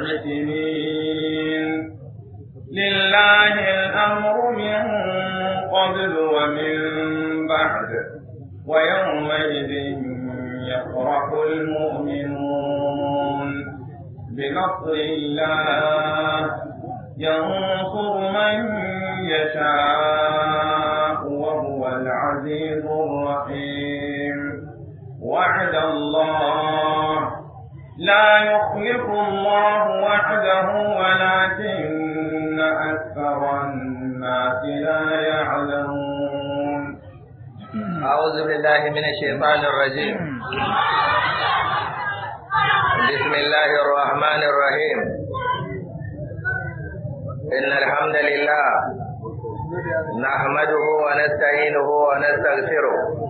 سبع لله الأمر من قبل ومن بعد ويومئذ يفرح المؤمنون بنصر الله ينصر من يشاء لا يخلف الله وعده ولكن أكثر الناس لا يعلمون أعوذ بالله من الشيطان الرجيم بسم الله الرحمن الرحيم إن الحمد لله نحمده ونستعينه ونستغفره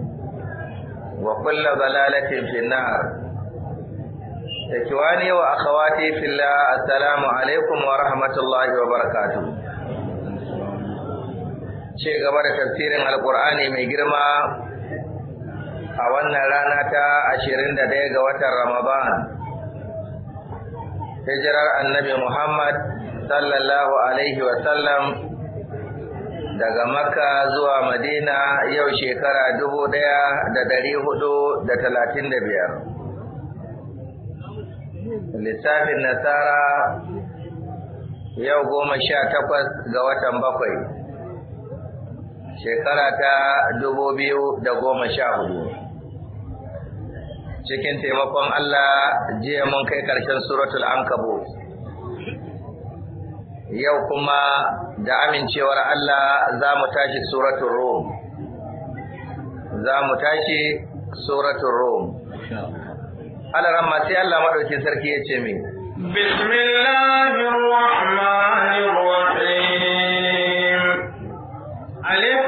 wa kullu dalalatin fi an-nar ikwani wa akhawati fillah assalamu alaikum wa rahmatullahi wa barakatuh ce gaba da tafsirin alkur'ani mai girma a wannan rana ta 21 ga watan ramadan hijirar annabi muhammad sallallahu alaihi wa sallam daga Makka zuwa Madina yau shekara dubu ɗaya da dari hudu da talatin da biyar. Lissafin Nasara yau goma sha takwas ga watan bakwai, shekara ta dubu biyu da goma sha hudu. Cikin taimakon Allah jiya mun kai karshen suratul Ankabut. yau kuma da amincewar Allah za mu tashi suratun Rum. Za mu tashi suratun Rum. Alaramma sai Allah maɗauki sarki ya ce min. Bismillahirrahmanirrahim. Alif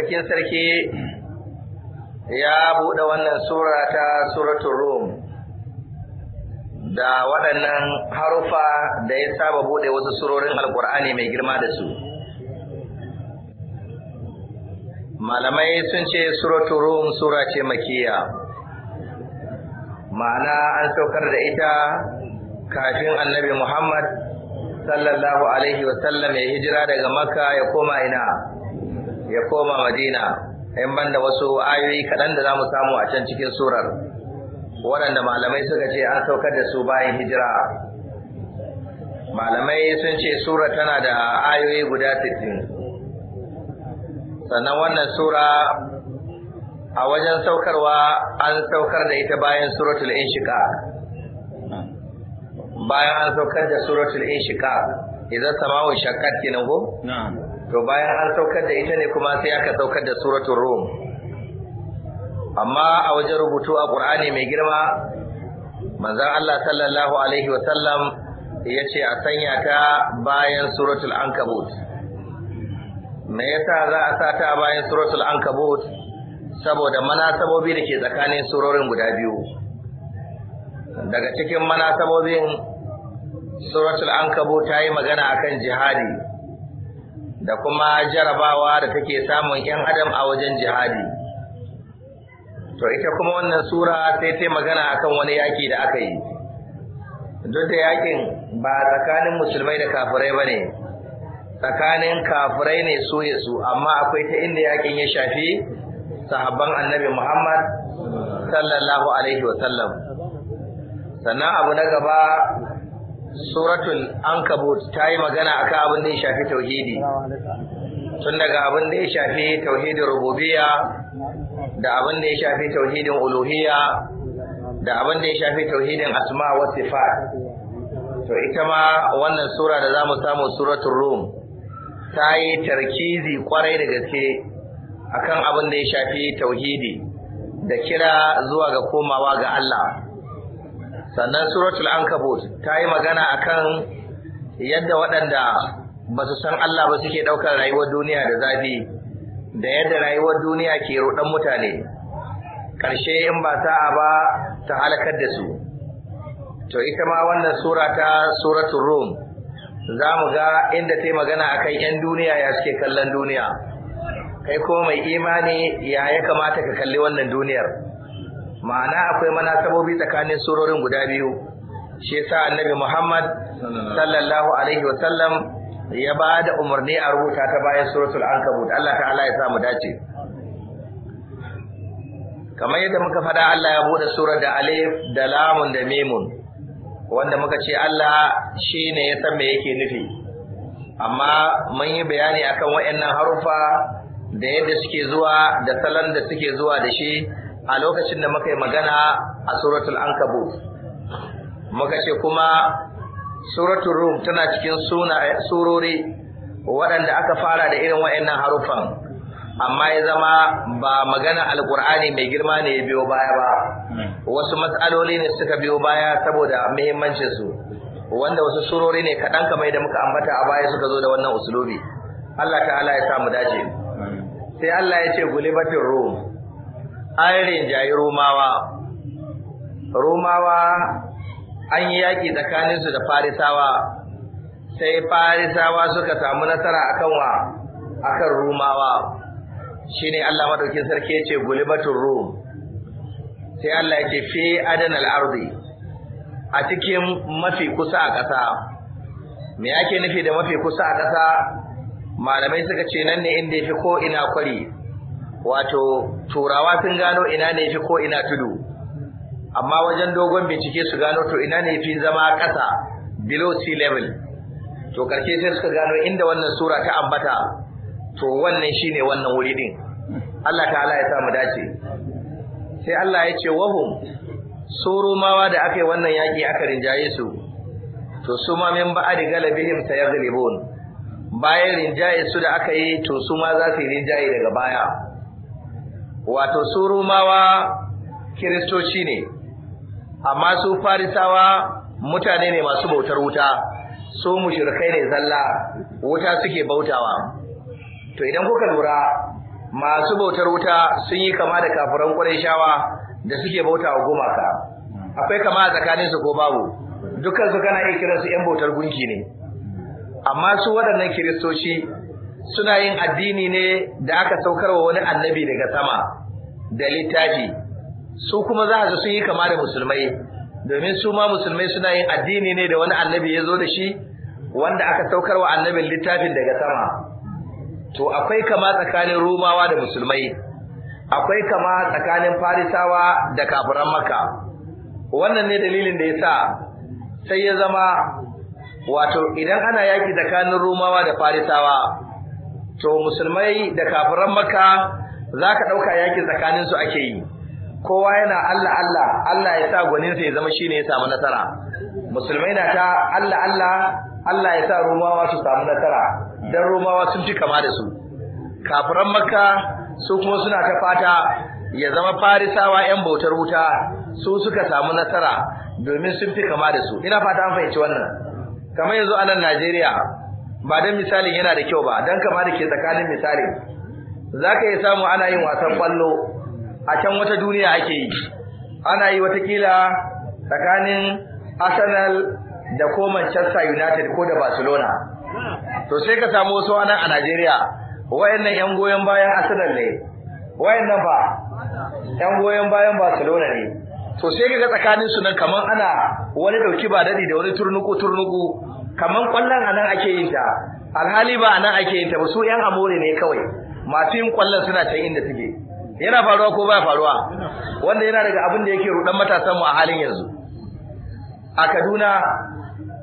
madaukakin sarki ya buɗe wannan sura ta suratul rum da waɗannan harufa da ya saba buɗe wasu surorin alkur'ani mai girma da su malamai sun ce suratul rum sura ce makiya ma'ana an saukar da ita kafin annabi muhammad sallallahu alaihi wasallam ya hijira daga makka ya koma ina ya koma madina in banda wasu ayoyi kaɗan da za mu samu a can cikin surar waɗanda malamai suka ce an saukar da su bayan hijira malamai sun ce sura tana da ayoyi guda 60 sannan wannan sura a wajen saukarwa an saukar da ita bayan suratul inshika bayan an saukar da suratul inshika idan sama'u shaqqat kenan go na'am to bayan an saukar da ita ne kuma sai aka saukar da suratul rum amma a wajen rubutu a qur'ani mai girma manzon Allah sallallahu alaihi wasallam yace a sanya ta bayan suratul ankabut me yasa za a sa ta bayan suratul ankabut saboda manasabobi da ke tsakanin surorin guda biyu daga cikin manasabobin suratul ankabut ta yi magana akan jihadi da kuma jarabawa da take samun ‘yan adam a wajen jihadi. To, ita kuma wannan Sura sai ta magana akan wani yaƙi da aka yi. Duk da yaƙin ba tsakanin musulmai da kafirai ba ne, tsakanin kafirai ne su ya su, amma akwai ta inda yakin ya shafi sahabban annabi Muhammad sallallahu Alaihi wasallam. Sannan abu na gaba suratul ankabut ta yi magana akan abin da ya shafi tauhidi tun daga abin da ya shafi tauhidin Rububiya, da abin da ya shafi tauhidin uluhiyya da abin da ya shafi tauhidin asma wa sifat to ita ma wannan sura da zamu samu suratul rum ta yi tarkizi kwarai da gaske akan abin da ya shafi tauhidi da kira zuwa ga komawa ga Allah sannan suratul ankabut ta yi magana akan yadda waɗanda ba su san Allah ba suke ɗaukar rayuwar duniya da zafi da yadda rayuwar duniya ke ruɗan mutane ƙarshe in ba sa'a ba ta halakar da su to ita ma wannan sura ta suratul rum za mu ga inda ta yi magana akan 'yan duniya ya suke kallon duniya kai ko mai imani ya ya kamata ka kalli wannan duniyar ma'ana akwai manasabobi tsakanin surorin guda biyu shi yasa annabi Muhammad sallallahu alaihi wa sallam ya ba da umarni a rubuta ta bayan suratul ankabut Allah ta'ala ya samu dace kamar yadda muka fada Allah ya bude surar da alif da lamun da mimun wanda muka ce Allah shine ya san me yake nufi amma mun yi bayani akan waɗannan harufa da yadda suke zuwa da salon da suke zuwa da shi a lokacin da muka yi magana a suratul ankabut muka ce kuma suratul rum tana cikin surori waɗanda aka fara da irin waɗannan harufan amma ya zama ba magana alkur'ani mai girma ne ya biyo baya ba wasu matsaloli ne suka biyo baya saboda muhimmancinsu wanda wasu surori ne kaɗan kamar da muka ambata a baya suka zo da wannan usulobi Allah ta'ala ya samu dace sai Allah ya ce gulibatin rum an rinjaye Romawa. Romawa an yi yaƙi tsakaninsu da Farisawa, sai Farisawa suka samu nasara akan wa akan Romawa. Shi ne Allah maɗaukin sarki ya ce gulibatun Rum. Sai Allah ya ce fi adan al'ardi a cikin mafi kusa a ƙasa. Me yake nufi da mafi kusa a ƙasa? Malamai suka ce nan ne inda ya fi ko ina kwari. wato turawa sun gano ina ne fi ko ina tudu amma wajen dogon bincike su gano to ina ne fi zama ƙasa below sea level to karshe sai suka gano inda wannan sura ta ambata to wannan shine wannan wuri din Allah ta'ala ya sa mu dace sai Allah ya ce wahum surumawa da aka wannan yaki aka rinjaye su to su ma min ba'adi galabihim sayaghlibun bayan rinjaye su da aka yi to su ma za su rinjaye daga baya wato su rumawa kiristoci ne amma su farisawa mutane ne masu bautar wuta su mushrikai ne zalla wuta suke bautawa to idan kuka lura masu bautar wuta sun yi kama da kafiran shawa da suke bautawa gumaka akwai kama a tsakanin su ko babu dukkan su kana iya kiransu yan bautar gunki ne amma su waɗannan kiristoci suna yin addini ne da aka saukarwa wani annabi daga sama da littafi su kuma za a sun yi kama da musulmai domin su ma musulmai suna yin addini ne da wani annabi ya zo da shi wanda aka saukarwa annabin littafin daga sama to akwai kama tsakanin rumawa da musulmai akwai kama tsakanin farisawa da kafiran makka wannan ne dalilin da yasa sai ya zama wato idan ana yaki tsakanin rumawa da farisawa to musulmai da kafiran makka zaka dauka yakin tsakanin su ake yi kowa yana Allah Allah Allah ya sa gwanin sa ya zama shine ya samu nasara musulmai na ta Allah Allah Allah ya sa rumawa su samu nasara dan rumawa sun fi kama da su kafiran makka su kuma suna ta fata ya zama farisawa yan bautar wuta su suka samu nasara domin sun fi kama da su ina fata an fahimci wannan kamar yanzu a nan Najeriya ba dan misalin yana da kyau ba dan kama da ke tsakanin misali zaka yi samu ana yin wasan kwallo a can wata duniya ake yi ana yi watakila tsakanin Arsenal da ko Manchester United ko da Barcelona to sai ka samu wasu a Najeriya wayannan yan goyen bayan Arsenal ne wayannan ba yan goyen bayan Barcelona ne to sai ga tsakanin su nan kaman ana wani dauki ba dadi da wani turnuku turnuku kaman kwallon anan ake yin ta alhali ba anan ake yin ta ba su yan amore ne kawai masu yin kwallon suna ta inda suke yana faruwa ko ba faruwa wanda yana daga abin da yake rudan matasan mu a halin yanzu a Kaduna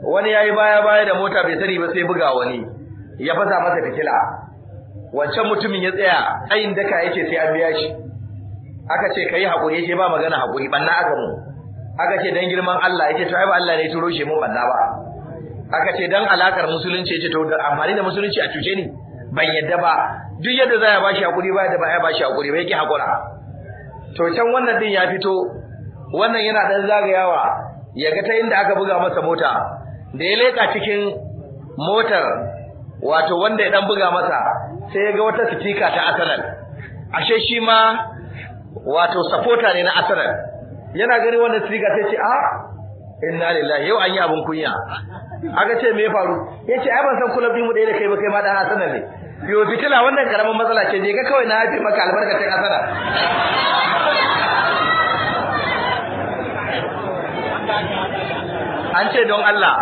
wani yayi baya baya da mota bai sani ba sai buga wani ya fasa masa fitila wancan mutumin ya tsaya tsayin daka yake sai an biya shi aka ce kai hakuri shi ba magana hakuri banna aka mu aka ce dan girman Allah yake to ai ba Allah ne ya turo shi mu banna ba aka ce dan alakar musulunci ce to amfani da musulunci a cuce ni ban yadda ba duk yadda za ya bashi hakuri ba yadda ba ya bashi hakuri ba yake hakura to can wannan din ya fito wannan yana ɗan zagayawa ya ga ta inda aka buga masa mota da ya leka cikin motar wato wanda ya dan buga masa sai ya ga wata sitika ta Arsenal ashe shi ma wato supporter ne na Arsenal yana gani wannan sitika sai ce a ah, inna lillahi yau an yi abin kunya aka ce me ya faru yace ai ban san kulab din mu da kai ba kai ma dan asana ne yo fitila wannan karamin matsala ce je ga kawai na haife maka albarkacin asana an ce don Allah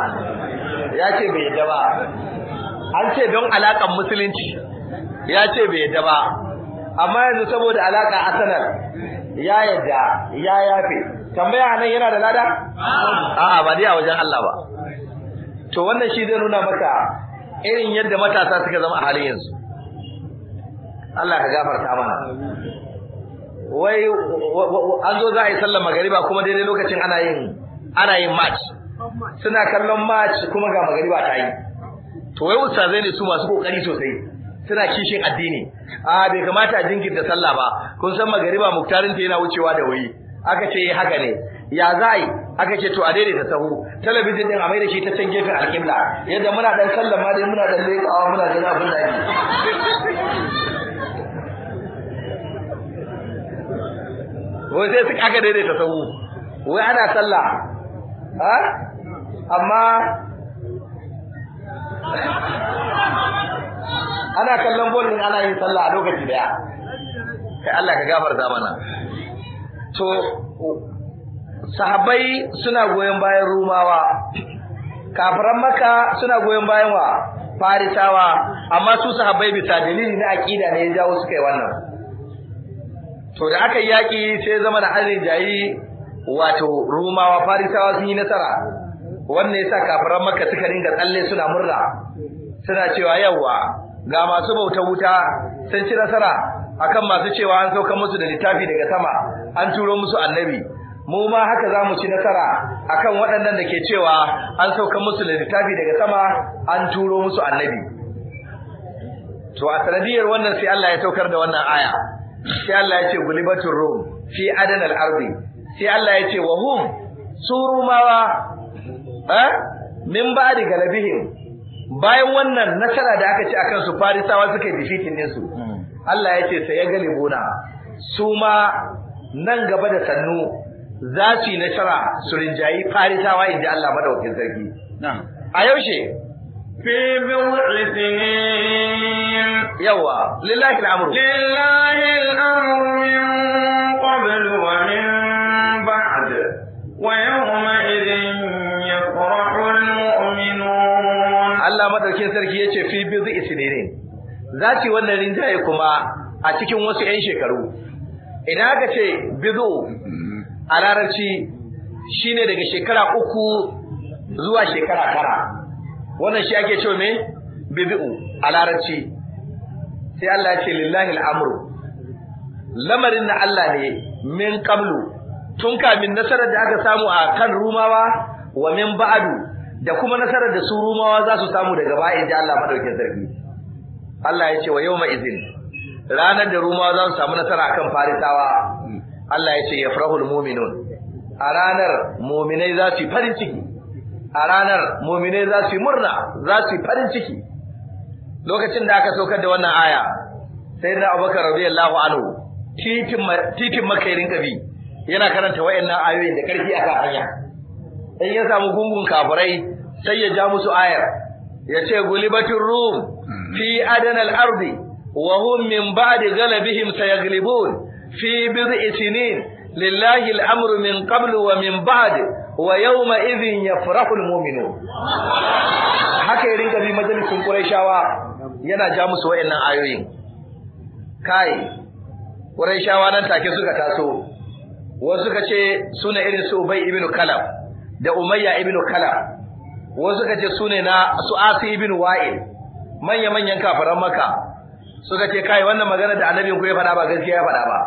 ya ce bai yadda ba an ce don alakan musulunci ya ce bai yadda ba amma yanzu saboda alaka asanar ya yadda ya yafe tambaya nan yana da lada a'a ba dai a wajen Allah ba to wannan shi zai nuna maka irin yadda matasa suka zama a halin yanzu Allah ka gafarta mana wai an zo za a yi sallar magariba kuma daidai lokacin ana yin ana yin match suna kallon match kuma ga magariba ta yi to wai ustazai ne su masu kokari sosai suna kishin addini a bai kamata a jinkirta sallah ba kun san magariba muktarin ta yana wucewa da wuri aka ce eh, haka ne ya zai aka ce to a da sahu talabijin din a mai da shi ta can gefen alƙibla yadda muna dan sallan ma dai muna dan leƙawa muna ganin abin da ake wai sai suka aka da sahu wai ana sallah ha amma ana kallon bol ana yin sallah a lokaci daya kai Allah ka gafarta mana to sahabbai suna goyon bayan rumawa kafiran maka suna goyon bayan wa farisawa amma su sahabai bisa dalili na aqida ne ya jawo su kai wannan to da aka yaki sai zama da arin jayi wato rumawa farisawa sun yi nasara wannan yasa kafiran maka suka ringa tsalle suna murna suna cewa yawa ga masu bautar wuta sun ci nasara akan masu cewa an sauka musu da littafi daga sama an turo musu annabi mu ma haka zamu ci nasara akan waɗannan da ke cewa an sauka musu littafi daga sama an turo musu annabi to a sanadiyar wannan sai Allah ya saukar da wannan aya sai Allah ya ce gulibatur rum fi adanal ardi sai Allah ya ce wa hum surumawa eh min ba'di galabihim bayan wannan nasara da aka ci akan su farisawa suka yi defeating din su hmm. Allah ya ce sai ya galibuna su ma nan gaba da sannu za su yi nasara su rinjayi farisawa in ji Allah madaukin sarki a yaushe fi bi'i sinin yawa lillahi al’amuru. lillahi al’amuru min qabl wa min ba'ad, wa yawma idhin ya al muminu? Allah madaukin sarki ce fi bi'i sinin za su yi wannan rinjaye kuma a cikin wasu 'yan shekaru idan aka ce bizo a larabci ne daga shekara uku zuwa shekara tara wannan shi ake cewa me bizo a larabci sai Allah ya ce lillahi al'amru lamarin na Allah ne min kamlu tun kamin nasarar da aka samu a kan rumawa wa min ba'adu da kuma nasarar da su rumawa za su samu daga baya da Allah madaukakin sarki Allah ya ce wa yawma izin ranar da ruma za su samu nasara akan farisawa hmm. Allah ya ce yafrahul mu'minun a ranar mu'minai za su yi farin ciki a ranar mu'minai za su yi murna za su yi farin ciki lokacin da aka saukar da wannan aya sai da Abubakar radiyallahu anhu titin titin makairin kabi yana karanta wayannan ayoyin da karfi aka hanya in ya samu gungun kafirai sai ya ja musu ayar ya ce gulibatin rum hmm. fi adanal ardi wa hum min ba'di ghalabihim sayaglibun fi bid'i sinin lillahi al-amru min qablu wa min ba'di wa yawma idhin yafrahul mu'minun haka irin kabi majalisun quraishawa yana ja musu wayannan ayoyin kai quraishawa nan take suka taso wasu suka ce sune irin su ubay ibn kalab da umayya ibn kalab wasu suka ce sune na su asi ibn wa'il manya manyan kafiran makka suka ce kai wannan magana da annabi ku ya faɗa ba gaskiya ya faɗa ba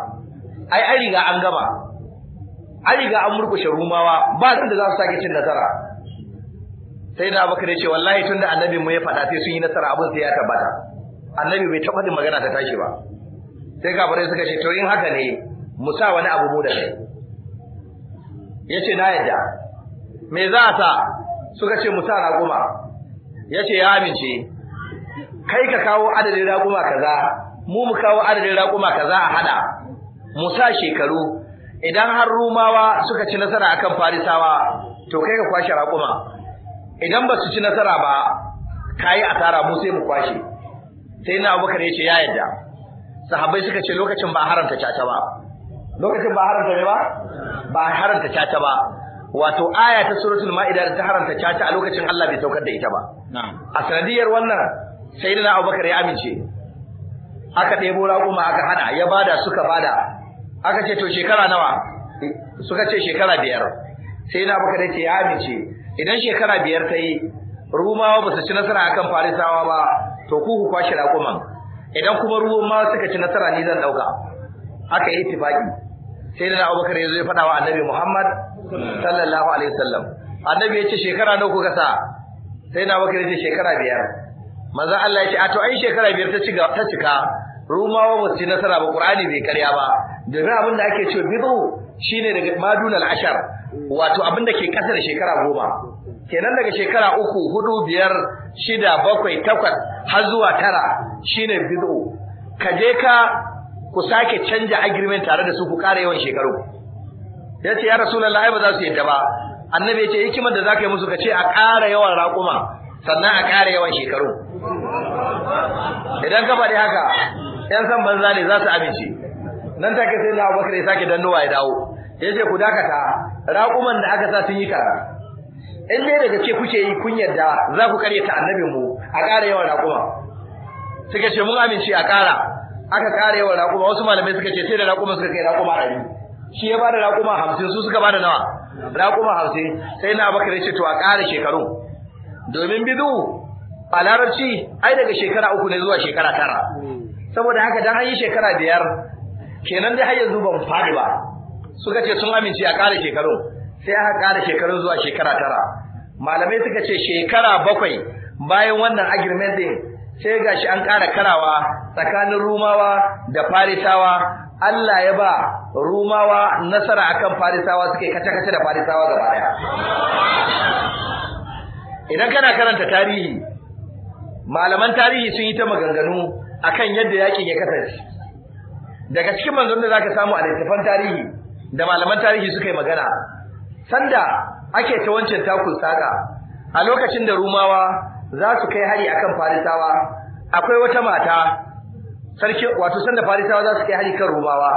ai an riga an gama an riga an murkushe rumawa ba da za su sake cin nasara sai da bakare ce wallahi tunda annabi mu ya faɗa sai sun yi nasara abin sai ya tabbata annabi bai taɓa da magana ta tashi ba sai kafirai suka ce to in haka ne mu sa wani abu mu da kai yace na yadda me za ta suka ce mu sa raguma yace ya amince kai ka kawo adadin raƙuma kaza mu mu kawo adadin raƙuma kaza a hada mu sa shekaru idan har rumawa suka ci nasara akan farisawa to kai ka kwashe raƙuma idan ba su ci nasara ba kai asara mu sai mu kwashe sai na abubakar ya ce ya yadda sahabbai suka ce lokacin ba haramta caca ba lokacin ba haramta ne ba ba haramta caca ba wato aya ta suratul ma'ida ta haramta caca a lokacin Allah bai saukar da ita ba a sanadiyar wannan sai da abubakar ya amince aka debo raƙuma aka hana ya bada suka bada aka ce to shekara nawa suka ce shekara biyar sai da abubakar ya ce ya amince idan shekara biyar ta yi rumawa ba su ci nasara akan farisawa ba to ku ku kwashe raƙuman idan kuma rumawa suka ci nasara ni zan ɗauka aka yi ittifaki sai da abubakar ya zo ya fada wa annabi muhammad sallallahu alaihi wasallam annabi ya ce shekara nawa kuka sa sai abubakar ya ce shekara biyar manzo Allah ya ce a to ai shekara biyar ta cika ta cika rumawa ba su nasara ba qur'ani bai karya ba da ga abin da ake cewa bidu shine daga al ashar wato abin da ke kasar shekara goma kenan daga shekara uku hudu biyar shida bakwai takwas har zuwa tara shine bidu ka je ka ku sake canja agreement tare da su ku kare yawan shekaru yace ya rasulullahi ai ba za su yadda ba annabi ya ce hikimar da zaka yi musu ka ce a kara yawan raƙuma sannan a kara yawan shekaru idan ka faɗi haka yan san banza ne za su amince nan take sai na Abubakar ya sake dannowa ya dawo yace ku dakata raƙuman da aka sa sun yi kara in dai daga ce kuke yi kun yarda za ku karya ta annabin mu a ƙara yawan raƙuma suka ce mun amince a ƙara aka ƙara yawan raƙuma wasu malamai suka ce sai da raƙuma suka kai raƙuma ɗari shi ya bada raƙuma hamsin su suka bada nawa raƙuma hamsin sai na Abubakar ya ce to a ƙara shekaru domin bidu a larabci ai daga shekara uku ne zuwa shekara tara saboda haka dan an yi shekara biyar kenan dai har yanzu ban faɗi ba suka ce sun amince a ƙara shekaru sai aka ƙara shekaru zuwa shekara tara malamai suka ce shekara bakwai bayan wannan agreement din sai shi an ƙara karawa tsakanin rumawa da farisawa Allah ya ba rumawa nasara akan farisawa suke kace-kace da farisawa gaba daya idan kana karanta tarihi malaman tarihi sun yi ta maganganu akan yadda yakin ya kasance daga cikin manzon da zaka samu a littafan tarihi da malaman tarihi suka yi magana sanda ake ta wancan takun saka a lokacin da rumawa za su kai hari akan farisawa akwai wata mata sarki wato sanda farisawa za su kai hari kan rumawa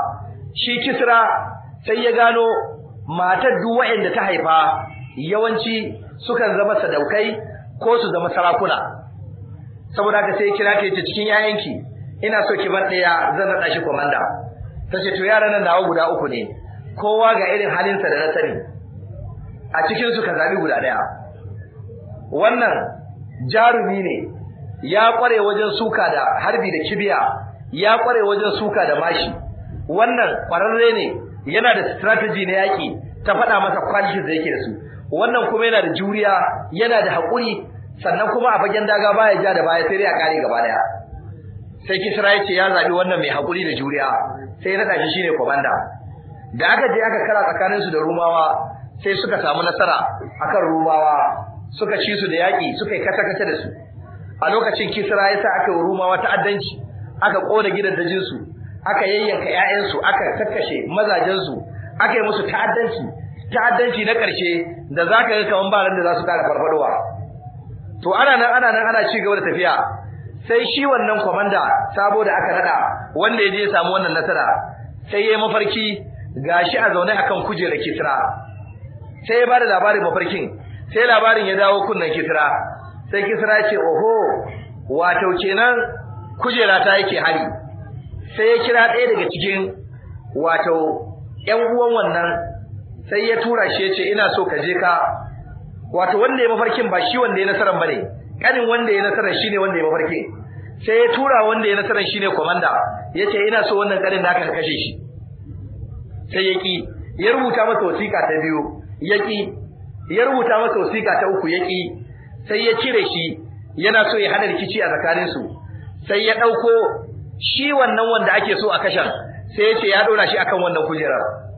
shi kisra sai ya gano matar duk waɗanda ta haifa yawanci sukan zama sadaukai ko su zama sarakuna saboda ka sai kira ta cikin yayanki ina so ki bar daya zan nada shi komanda tace to yaran nan dawo guda uku ne kowa ga irin halin sa da na sani a cikin su ka zabi guda daya wannan jarumi ne ya kware wajen suka da harbi da kibiya ya kware wajen suka da mashi wannan kwararre ne yana da strategy na yaki ta faɗa masa kwalishin da yake da su wannan kuma yana da juriya yana da haƙuri sannan kuma a fagen daga baya ja da baya sai dai a kare gaba daya sai kisra ya ce ya zabi wannan mai hakuri da juriya sai na shi shine komanda da aka je aka kara tsakanin su da rumawa sai suka samu nasara akan rumawa suka ci su da yaki suka yi kasa kasa da su a lokacin kisra ya sa aka rumawa ta'addanci aka kona gidan dajin su aka yayyanka ƴaƴan su aka kakkashe mazajen su aka yi musu ta'addanci ta'addanci na karshe da zaka ga kaman ba da za su kara farfadowa to ana nan ana nan ana ci gaba da tafiya sai shi wannan komanda sabo da aka nada wanda yaje ya samu wannan nasara sai yayi mafarki gashi a zaune akan kujerar kisra sai ya bada labarin mafarkin sai labarin ya dawo kunnan kisra sai kisra ce oho wato kenan kujera ta yake hari sai ya kira ɗaya daga cikin wato ƴan uwan wannan sai ya tura shi ya ce ina so ka je ka wato wanda ya mafarkin ba shi wanda ya nasaran bane kanin wanda ya nasaran shine wanda ya mafarkin sai ya tura wanda ya nasaran shine komanda yace ina so wannan kanin da aka kashe shi sai yaki ya rubuta masa wasiƙa ta biyu yaki ya rubuta masa wasiƙa ta uku yaki sai ya cire shi yana so ya hada rikici a tsakanin su sai ya dauko shi wannan wanda ake so a kashe sai yace ya dora shi akan wannan kujerar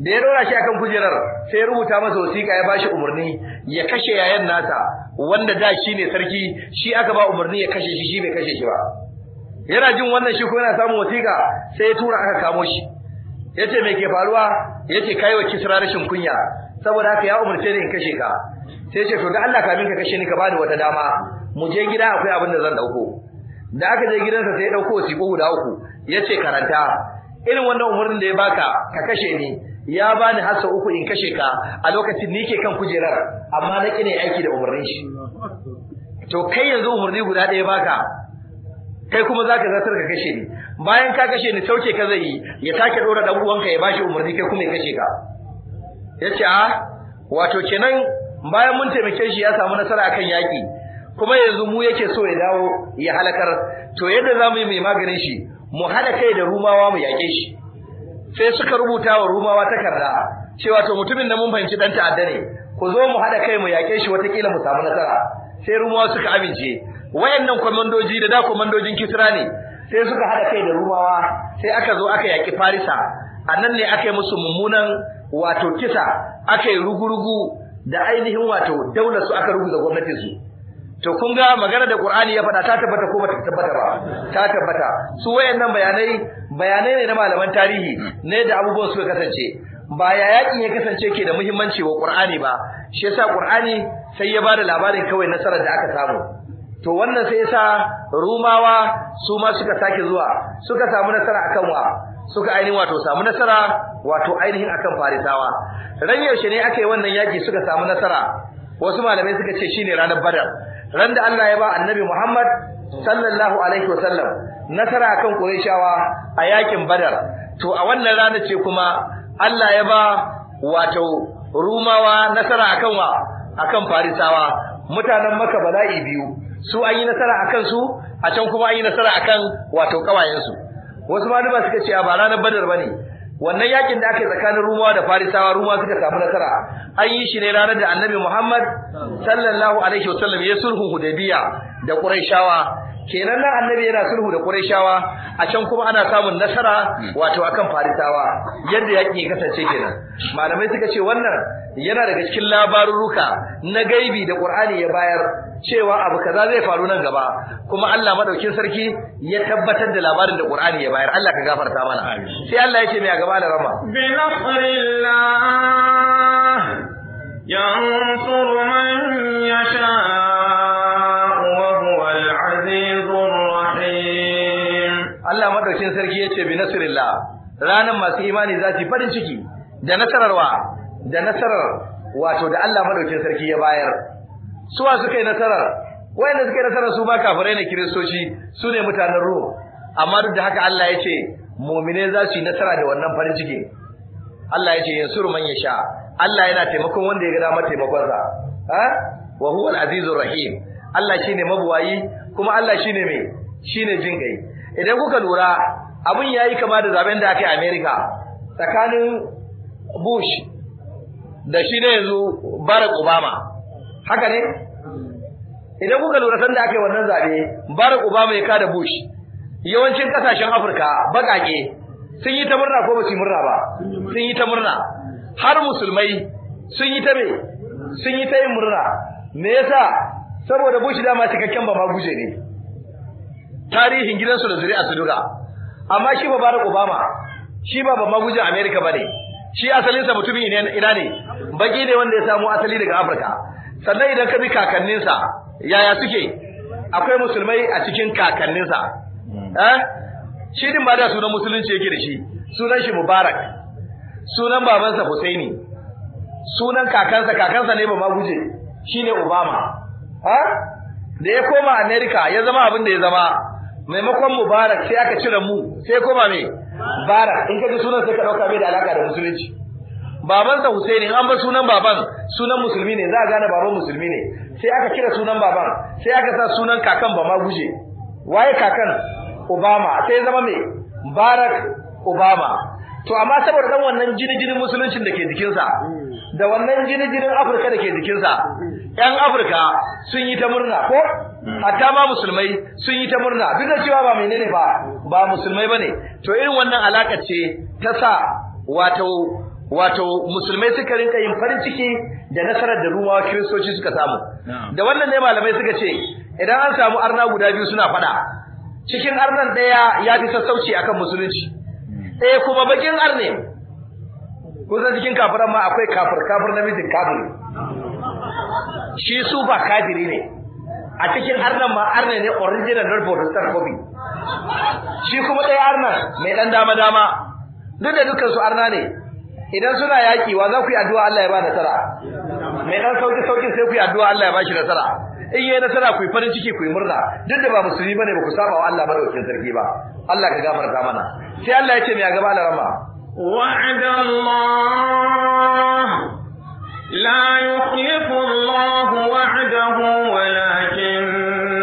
da ya dora shi akan kujerar sai rubuta masa wasiƙa ya bashi umarni ya kashe yayan nasa wanda da shi ne sarki shi aka ba umarni ya kashe shi shi bai kashe shi ba yana jin wannan shi ko yana samun wasiƙa sai ya tura aka kamo shi yace me ke faruwa yace kai wa kisra rashin kunya saboda haka ya umarce ni in kashe ka sai ce to da Allah ka ka kashe ni ka bani wata dama mu je gida akwai abin da zan dauko da aka je gidansa sai ya dauko wasiƙo guda uku yace karanta irin wannan umarnin da ya baka ka kashe ni ya bani hasa uku in kashe ka a lokacin nike kan kujerar amma na kine aiki da umarnin shi to kai yanzu umarni guda ɗaya baka kai kuma za ka zartar ka kashe ni bayan ka kashe ni sauke ka zai yi ya take ɗora dan uwanka ya bashi umarni kai kuma ya kashe ka Ya ce a ah, wato kenan bayan mun taimake shi ya samu nasara akan yaƙi. kuma yanzu mu yake so ya dawo ya halakar to yadda za mu yi mai maganin shi mu haɗa kai da rumawa mu yake shi sai suka rubuta wa rumawa takarda cewa to mutumin da mun fahimci dan ta'adda ne ku zo mu hada kai mu yake shi watakila mu samu nasara sai rumawa suka amince wayannan komandoji da da komandojin kisra ne sai suka hada kai da rumawa sai aka zo aka yaki farisa anan ne aka yi musu mummunan wato kisa aka yi rugurugu da ainihin wato daular su aka ruguza gwamnatin su to kun ga magana da Qur'ani ya faɗa ta tabbata ko bata tabbata ba ta tabbata su wayannan bayanai bayanai ne na malaman tarihi ne da abubuwan suka kasance ba ya yakin ya kasance ke da muhimmanci wa ƙur'ani ba shi yasa ƙur'ani sai ya ba da labarin kawai nasarar da aka samu to wannan sai yasa Rumawa su ma suka sake zuwa suka samu nasara akan wa suka ainihin wato samu nasara wato ainihin akan Farisawa ran yaushe ne aka yi wannan yaki suka samu nasara wasu malamai suka ce shine ranar Badar ran da Allah ya ba Annabi Muhammad sallallahu alaihi wasallam nasara kan Qurayshawa a yakin Badar to a wannan rana ce kuma Allah ya ba wato Rumawa nasara akan wa akan Farisawa mutanen Makka bala'i biyu su an yi nasara akan su a can kuma an yi nasara akan wato kawayen su wasu malama suka ce a ba ranar Badar bane wannan yakin da aka tsakanin rumawa da farisawa rumawa suka samu nasara an yi shi ne ranar da annabi muhammad sallallahu alaihi wasallam ya sulhu hudaybiya da quraishawa kenan nan annabi yana sulhu da quraishawa a can kuma ana samun nasara wato akan farisawa yadda yaki kasance kenan malamai suka ce wannan yana daga cikin labaruruka na gaibi da qur'ani ya bayar cewa abu kaza zai faru nan gaba kuma Allah madaukin sarki ya tabbatar da labarin da Qur'ani ya bayar Allah ka gafarta mana sai Allah ya ce mai a gaba da rama bi nasrillah yansur man yasha wa huwa al-azizur rahim Allah madaukin sarki ya ce bi nasrillah ranan masu imani za su farin ciki da nasararwa da nasarar wato da Allah madaukin sarki ya bayar suwa suka yi nasara wayanda suka yi nasara su ba kafirai ne kiristoci su ne mutanen ruwa. amma duk da haka Allah ya ce mu'mine za su yi nasara da wannan farin ciki Allah ya ce man yasha Allah yana taimakon wanda ya ga dama taimakon sa ha wa huwal azizur rahim Allah shine mabuwayi kuma Allah shine me shine jingai idan kuka lura abun yayi kama da zaben da aka yi America tsakanin Bush da shi ne yanzu Barack Obama haka ne idan kuka lura sanda ake wannan zabe Barack Obama ya kada Bush yawancin kasashen Afirka bakake sun yi ta murna ko ba su murna ba sun yi ta murna har musulmai sun yi ta me sun yi ta yin murna me yasa saboda Bush dama cikakken ba ma guje ne tarihin gidansu da zuri'a su duka amma shi ba Barack Obama shi ba ba ma guje America bane shi asalinsa mutumin ina ne baki ne wanda ya samu asali daga Afirka sannan idan ka bi kakanninsa yaya suke akwai musulmai a cikin kakanninsa hmm. eh? shi din ba da sunan musulunci yake da shi sunan shi mubarak sunan babansa husaini sunan kakansa kakansa ne ba ma guje ne obama da ya koma america ya zama abin da ya zama maimakon mubarak sai aka cire mu sai koma ne bara in ka ji sunan sai ka dauka bai da alaka da musulunci babansa Husaini in an bar sunan baban sunan musulmi ne za a gane baban musulmi ne sai aka kira sunan baban sai aka sa sunan kakan ba ma guje waye kakan Obama sai zama me Barack Obama to amma saboda dan wannan jini-jinin musuluncin da ke jikinsa da wannan jini Afirka da ke jikinsa ƴan Afirka sun yi ta murna ko hatta ma musulmai sun yi ta murna duk da cewa ba menene ba ba musulmai bane to irin wannan alaka ce ta sa wato wato musulmai suka rinka yin farin ciki da nasarar da rumawa kiristoci suka samu da wannan ne malamai suka ce idan an samu arna guda biyu suna fada cikin arnan daya ya fi sassauci akan musulunci ɗaya kuma bakin arne kusan cikin kafiran ma akwai kafir kafir mijin kafir shi su ba kafiri ne a cikin arnan ma arne ne original na protestant kobi shi kuma ɗaya arnan mai ɗan dama dama duk da dukkan su arna ne idan suna yaki wa za ku yi addu'a Allah ya ba nasara mai dan sauki sauki sai ku yi addu'a Allah ya ba shi nasara in yayi nasara ku yi farin ciki ku yi murna duk da ba musulmi bane ba ku saba wa Allah madaukakin sarki ba Allah ka gafarta mana sai Allah ya ce ya gaba da rama Allah? la yukhlifu Allah wa'dahu walakin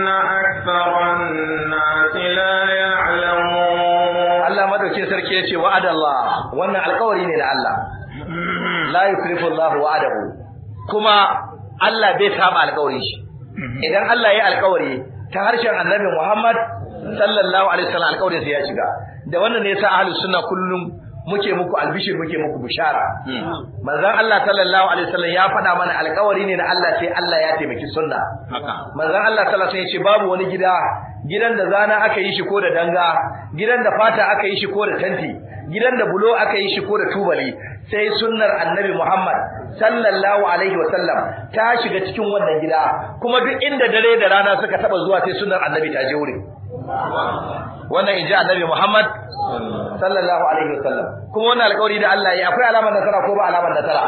akthara an-nas la Allah sarki ya ce wa'adallah wannan alƙawari ne da Allah la yuklifu Allah wa'adahu kuma Allah bai saba alƙawarin shi idan Allah ya alƙawari ta harshen Annabi Muhammad sallallahu alaihi wasallam alƙawarin sa ya shiga da wannan ne yasa ahlus sunna kullum muke muku albishir muke muku bishara manzon Allah sallallahu alaihi wasallam ya faɗa mana alƙawari ne da Allah sai Allah ya taimaki sunna manzon Allah sallallahu alaihi wasallam ya ce babu wani gida gidan da zana aka yi shi ko da danga gidan da fata aka yi shi ko da tanti gidan da bulo aka yi shi ko da tubali sai sunnar annabi Muhammad sallallahu alaihi wasallam ta shiga cikin wannan gida kuma duk inda dare da rana suka taba zuwa sai sunnar annabi ta je wurin wannan inji annabi Muhammad sallallahu alaihi wasallam kuma wannan alƙawari da Allah ya akwai alamar nasara ko ba alamar nasara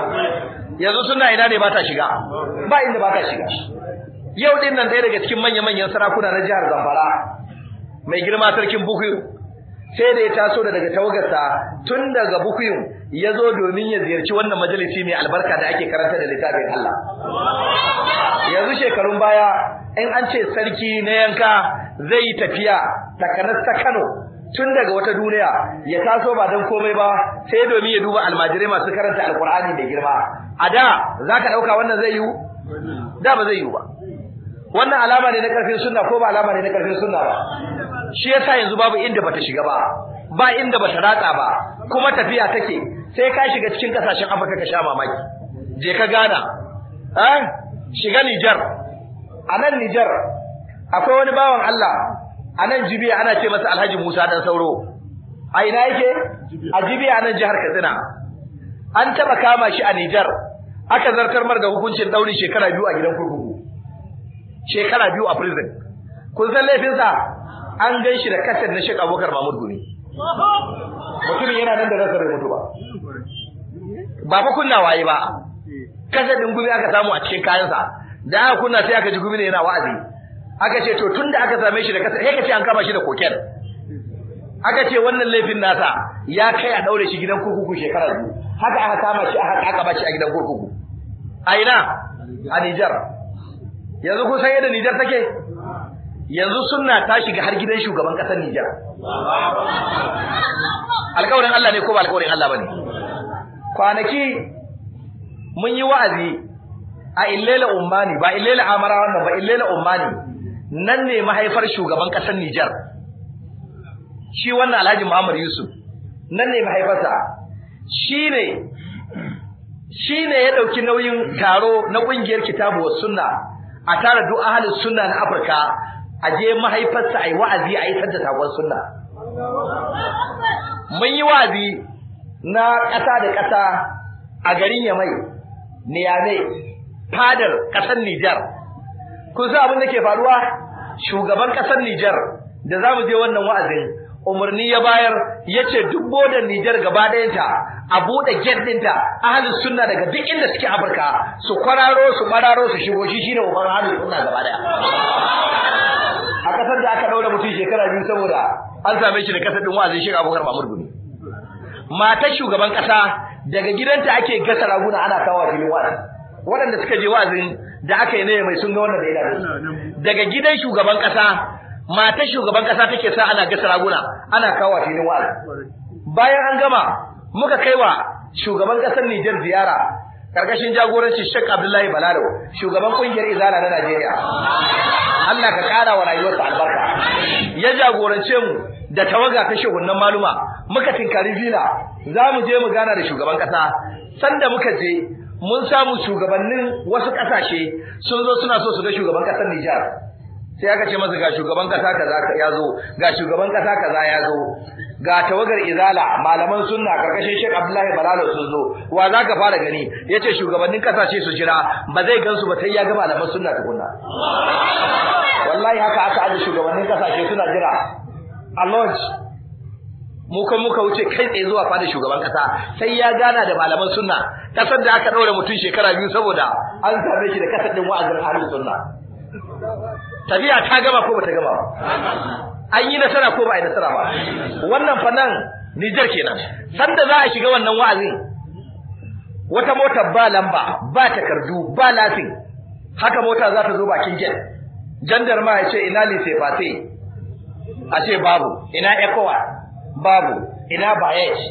yanzu sunna ina ne ba ta shiga ba inda ba ta shiga yau din nan ɗaya daga cikin manya-manyan sarakuna na jihar Zamfara mai girma sarkin Bukuyu sai da ya taso da daga tawagarsa tun daga Bukuyu ya zo domin ya ziyarci wannan majalisi mai albarka da ake karanta da littafin Allah yanzu shekarun baya in an ce sarki na yanka zai yi tafiya takanas ta Kano tun daga wata duniya ya taso ba don komai ba sai domin ya duba almajirai masu karanta alkur'ani da girma a da ka ɗauka wannan zai yiwu da ba zai yiwu ba wannan alama ne na karfin sunna ko ba alama ne na karfin sunna ba shi yasa yanzu babu inda bata shiga ba ba inda bata ratsa ba kuma tafiya take sai ka shiga cikin kasashen Afirka ka sha mamaki je ka gana eh shiga Niger anan Niger akwai wani bawan Allah anan Jibiya ana ce masa Alhaji Musa dan Sauro a ina yake a Jibiya anan jihar Katsina an taba kama shi a Niger aka zartar mar da hukuncin dauri shekara biyu a gidan kurkuku shekara biyu a prison kun san laifinsa an gan shi da kasar na Sheikh Abubakar mamur Gumi mutumin yana nan da rasar mutu ba ba fa kunna waye ba kasar din gumi aka samu a cikin kayansa da aka kunna sai aka ji gumi ne yana wa'azi aka ce to tunda aka same shi da kasar sai ka ce an kama shi da koken aka ce wannan laifin nasa ya kai a daure shi gidan kurkuku shekara biyu haka aka kama shi aka kaba shi a gidan kurkuku a ina a Nijar yanzu ku san yadda Nijar take yanzu sunna ta shiga har gidan shugaban kasar Nijar alƙawarin Allah ne ko ba alƙawarin Allah bane kwanaki mun yi wa'azi a illela ummani ba illela amara wannan ba illela ummani nan ne mahaifar shugaban kasar Nijar shi wannan Alhaji Muhammad Yusuf nan ne mahaifarsa shi ne shi ne ya ɗauki nauyin taro na ƙungiyar kitabu wa sunna a tara duk ahalin sunna na Afirka a je mahaifarsa a yi wa'azi a yi sadda takon sunna mun yi wa'azi na ƙasa da ƙasa a garin Yamai Niyame fadar ƙasar Nijar kun san abin da ke faruwa shugaban ƙasar Nijar da za mu je wannan wa'azin umarni ya bayar ce duk bodan Nijar gaba ɗayanta a bude gate dinta halin sunna daga duk inda suke Afirka su kwararo su bararo su shigo shi shine uban ahlus sunna gaba ɗaya a kasar da aka daura mutum shekara biyu saboda an same shi da kasar ɗin wa'azin shi Abubakar Mamur Gumi matar shugaban kasa daga gidanta ake gasa raguna ana kawo filin wa'azi waɗanda suka je wa'azin da aka yi na mai sun ga wannan da ya daga gidan shugaban kasa mata shugaban kasa take sa ana gasa raguna ana kawo filin wa bayan an gama muka kaiwa shugaban kasar Niger ziyara karkashin jagoranci Sheikh Abdullahi Balado shugaban kungiyar Izala na Najeriya Allah ka kara wa rayuwarsa albarka ya jagorance mu da tawaga ta shehunan maluma muka tinkari vila za mu je mu gana da shugaban kasa sanda muka je mun samu shugabannin wasu kasashe sun zo suna so su ga shugaban kasar Nijar sai aka ce masa ga shugaban kasa kaza ya zo ga shugaban kasa kaza ya zo ga tawagar izala malaman sunna karkashin Sheikh Abdullahi Balalo sun zo wa za ka fara gani yace shugabannin kasashe su jira ba zai gansu ba sai ya ga malaman sunna tukunna wallahi haka aka aje shugabannin kasashe suna jira a lodge mu kan muka wuce kai tsaye zuwa fada shugaban kasa sai ya gana da malaman sunna kasar da aka daura mutum shekara biyu saboda an same shi da kasar din wa'azin halin sunna tafiya ta gama ko bata gama ba an yi nasara ko ba a yi nasara ba wannan fannan Nijar kenan sanda za a shiga wannan wa'azin wata mota ba lamba ba takardu ba lafin haka mota za ta zo bakin jet jandar ma ya ce ina lise a ce babu ina ekowa babu ina bayesh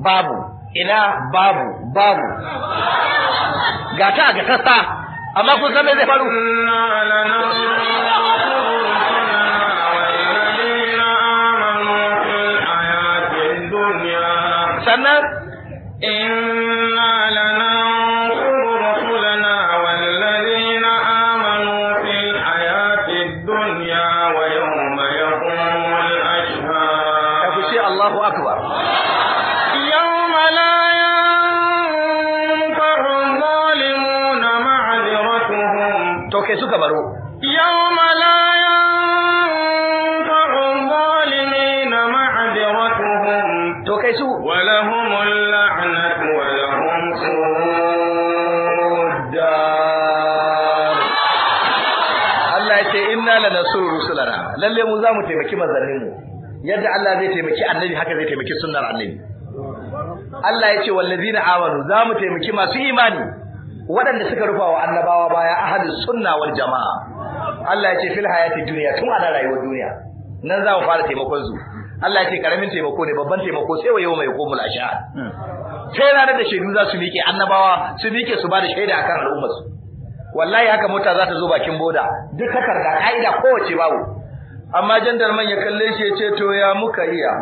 babu ina babu babu gata ga tasa amma kun san me zai faru sannan suka baro to kai su Allah ya ce lalle mu za mu taimaki manzannin yadda Allah zai taimaki annabi haka zai taimaki sunnar annabi Allah ya ce wallazina amanu za mu taimaki masu imani waɗanda suka rufa wa annabawa baya ahlus sunna wal jamaa Allah ya ce fil hayati duniya tun ana rayuwar duniya nan za mu fara taimakon su Allah ya ce karamin taimako ne babban taimako sai wa yau mai hukumul ashhad hmm. sai ranar da shaidu za su miƙe annabawa su miƙe su ba da shaida akan al'ummar su wallahi haka mota za ta zo bakin boda duk takarda ka'ida kowace babu amma jandarman ya kalle shi ya ce to ya muka iya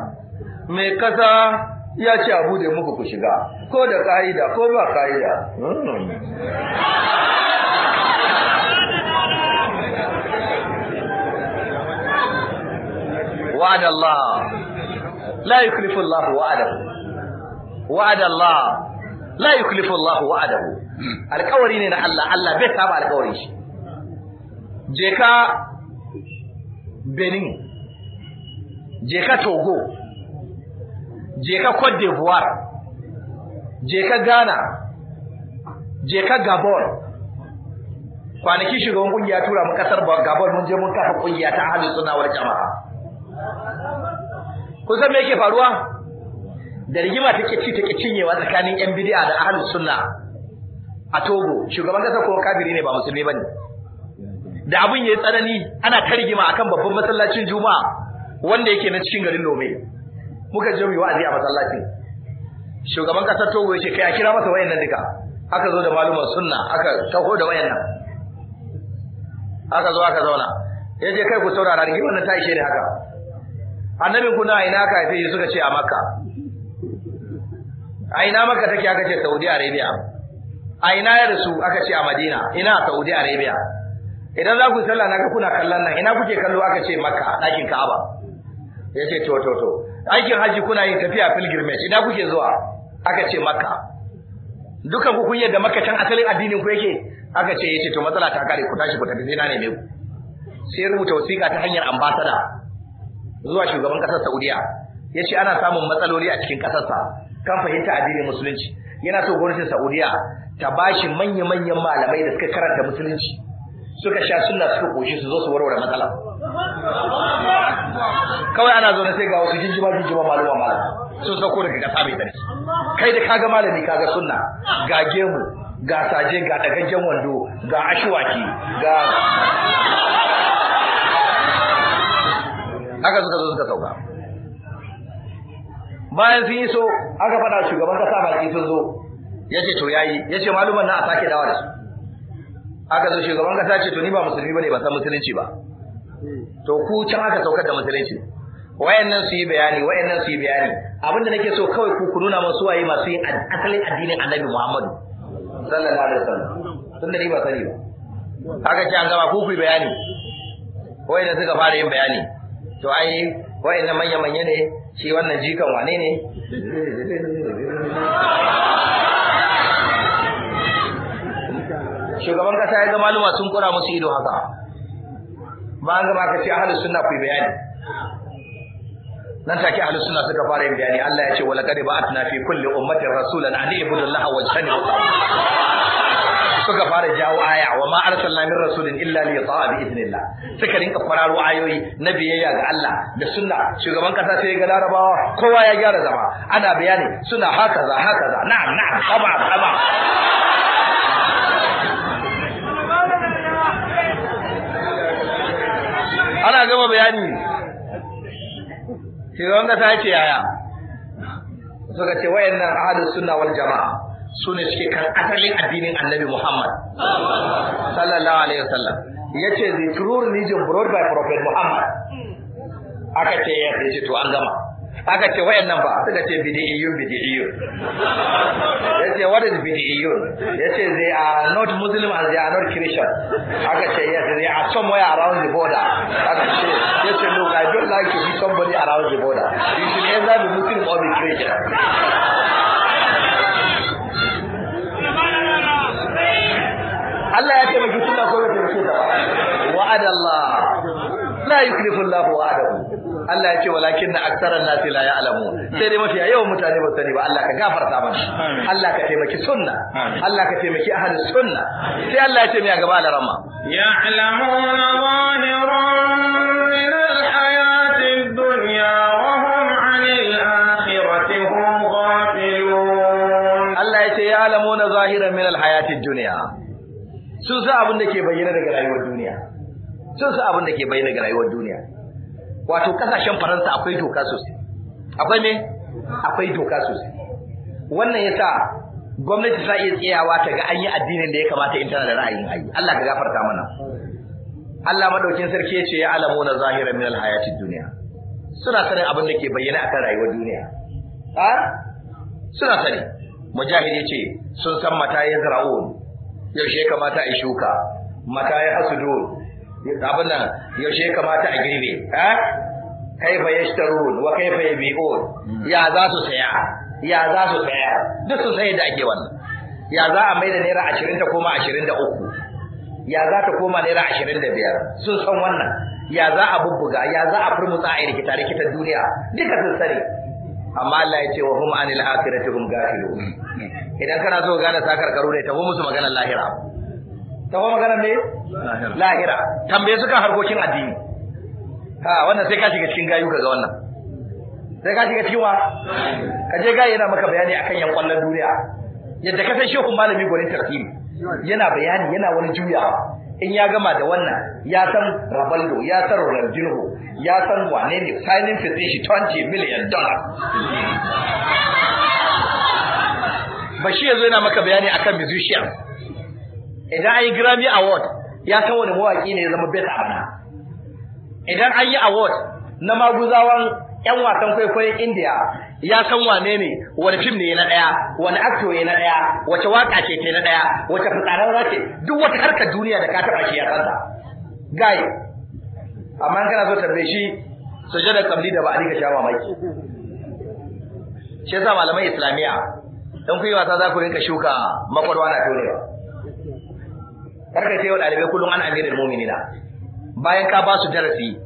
Me kasa ya ce a bude muku ku shiga ko da ka'ida ko ba ka'ida وعد الله لا يخلف الله وعده وعد الله لا يخلف الله وعده alƙawari ne na Allah Allah bai saba alkawari. shi je ka Benin je ka Togo je ka Cote d'Ivoire je ka Ghana je ka Gabon kwanaki shugaban kungiya tura mu kasar Gabon mun je mun kafa kungiya ta ahlus sunna wal jamaa kun san me yake faruwa da rigima take ci take cinyewa tsakanin yan bid'a da ahlus sunna a Togo shugaban kasar ko kafiri ne ba musulmi ne. da abin yayi tsanani ana ta rigima akan babban masallacin Juma'a wanda yake na cikin garin Lome muka je mu wa'azi a masallacin shugaban kasar Togo ce kai a kira masa wayannan duka aka zo da malumar sunna aka taho da wayannan aka zo aka zauna je kai ku saurara rigi wannan ta ishe ne haka annabin ku na ina ka haife suka ce a Makka a ina Makka take aka ce Saudi Arabia a ina ya rasu aka ce a Madina ina Saudi Arabia idan za ku sallah naga kuna kallon nan ina kuke kallo aka ce Makka ɗakin Ka'aba yace to to to aikin haji kuna yin tafiya pilgrimage ina kuke zuwa aka ce makka dukan ku kun yadda makka can asalin addinin ku yake aka ce yace to matsala ta kare ku tashi ku tafi sai na ne ku sai rubuta wasiƙa ta hanyar ambassador zuwa shugaban kasar Saudiya yace ana samun matsaloli a cikin kasar sa kan fahimta addinin musulunci yana so gwamnatin Saudiya ta bashi manya-manyan malamai da suka karanta musulunci suka sha sunna suka koshi su zo su warware matsala kawai ana zo na sai ga wasu jinjima jinjima maluwa ma. sun sauko daga kasa mai tsarki kai da kaga malami kaga sunna ga gemu ga saje ga dagajen wando ga ashwaki ga haka suka zo suka sauka bayan sun yi so aka faɗa shugaban kasa baki sun zo ya ce to yayi ya ce maluman na a sake dawa da su aka zo shugaban kasa ce to ni ba musulmi bane ba san musulunci ba to ku can aka saukar da musulunci wayannan su yi bayani wayannan su yi bayani abinda nake so kawai ku ku nuna masu waye masu yin asalin addinin Annabi Muhammad sallallahu alaihi wasallam tunda ni ba sani ba aka ce an gaba ku ku bayani wayannan suka fara yin bayani to ai wayannan manya manya ne shi wannan jikan wane ne shugaban kasa ya ga maluma sun kura musu ido haka ba an gama ka ce ahlus sunna ku bayani nan take ahlus sunna suka fara yin bayani Allah ya ce wala qad ba'atna fi kulli ummatin rasulan an ibudu Allah wa jtanibu suka fara jawo aya wa ma arsalna min rasulin illa li yata'a bi idnillah suka rinka fararo ayoyi na biyayya ga Allah da sunna shugaban kasa sai ga larabawa kowa ya gyara zama ana bayani suna haka za haka za na'am na'am taba taba ana gama bayani wanda ta ce yaya suka ce wayannan ahlus sunna wal jama'a su ne suke kan asalin addinin annabi Muhammad sallallahu alaihi wasallam yace the true religion brought by prophet Muhammad aka ce ya ce to an gama aka ce wayan nan ba suka ce bidiyu bidiyu ya ce what is bidiyu ya ce they are not muslim and they are not christian aka ce yes they are somewhere around the border aka ce ya ce look i don't like to be somebody around the border you should either be muslim or be christian Allah ya taimaki suna ko ya taimake ta ba wa'adallah la yukhlifu Allahu wa'adahu Allah ya ce walakin na aksaran nasi la ya'lamu sai dai mafi yawan mutane ba sani ba Allah ka gafarta mana Allah ka taimaki sunna Allah ka taimaki ahli sunna sai Allah ya ce mai gaba da rama ya'lamuna zahiran min al ad-dunya wa hum 'anil akhirati hum ghafilun Allah ya ce ya'lamuna zahiran min al ad-dunya sun san abin da ke bayyana daga rayuwar duniya sun san abin da ke bayyana daga rayuwar duniya wato kasashen faransa akwai doka sosai akwai me akwai doka sosai wannan yasa gwamnati ta iya tsayawa ta ga an yi addinin da ya kamata in tana da ra'ayin ayi Allah ka gafarta mana Allah madaukin sarki yace ya na zahira min alhayati dunya suna sanin abin da ke bayyana akan rayuwar duniya ha suna sani mujahid yace sun san mata ya yau yaushe kamata a shuka mata ya asudu. abin nan yaushe kamata a girbe Ha? fa yashtarun wa fa yabi'un ya za su saya ya za su saya duk su sai da ake wannan ya za a maida naira 20 ta koma 23 ya za ta koma naira 25 sun san wannan ya za a bubbuga ya za a furmutsa a rikita rikitar duniya duka sun sani amma Allah ya ce wa hum anil akhirati hum gafilun idan kana so gane sakar karo ne ta musu maganar lahira da kuma magana ne lahira tambaye su kan harkokin addini ha wannan sai ka shiga cikin gayu kaga wannan sai ka shiga cikin wa ka je gayu yana maka bayani akan yan kwallon duniya yadda ka san shehu malami gurin tafsiri yana bayani yana wani juyawa in ya gama da wannan ya san Rabaldo ya san Ronaldinho ya san wane ne signing fee shi 20 million dollar Bashir yazo yana maka bayani akan musician idan an yi Grammy Award ya san wani mawaki ne ya zama best actor idan an yi award na maguzawan yan wasan kwaikwayon India ya san wane ne wani fim ne na daya wani actor ne na daya wace waka ce ce na daya wace fitsarar ce duk wata harkar duniya da ka taba shi ya san ta amma kana so tarbe shi sujada kabli da ba a rika sha mai shi yasa malamai islamiya dan kuyi wasa za ku rinka shuka makwarwa na tonewa karka ce wa ɗalibai kullum an amirin mu'minina bayan ka ba su darasi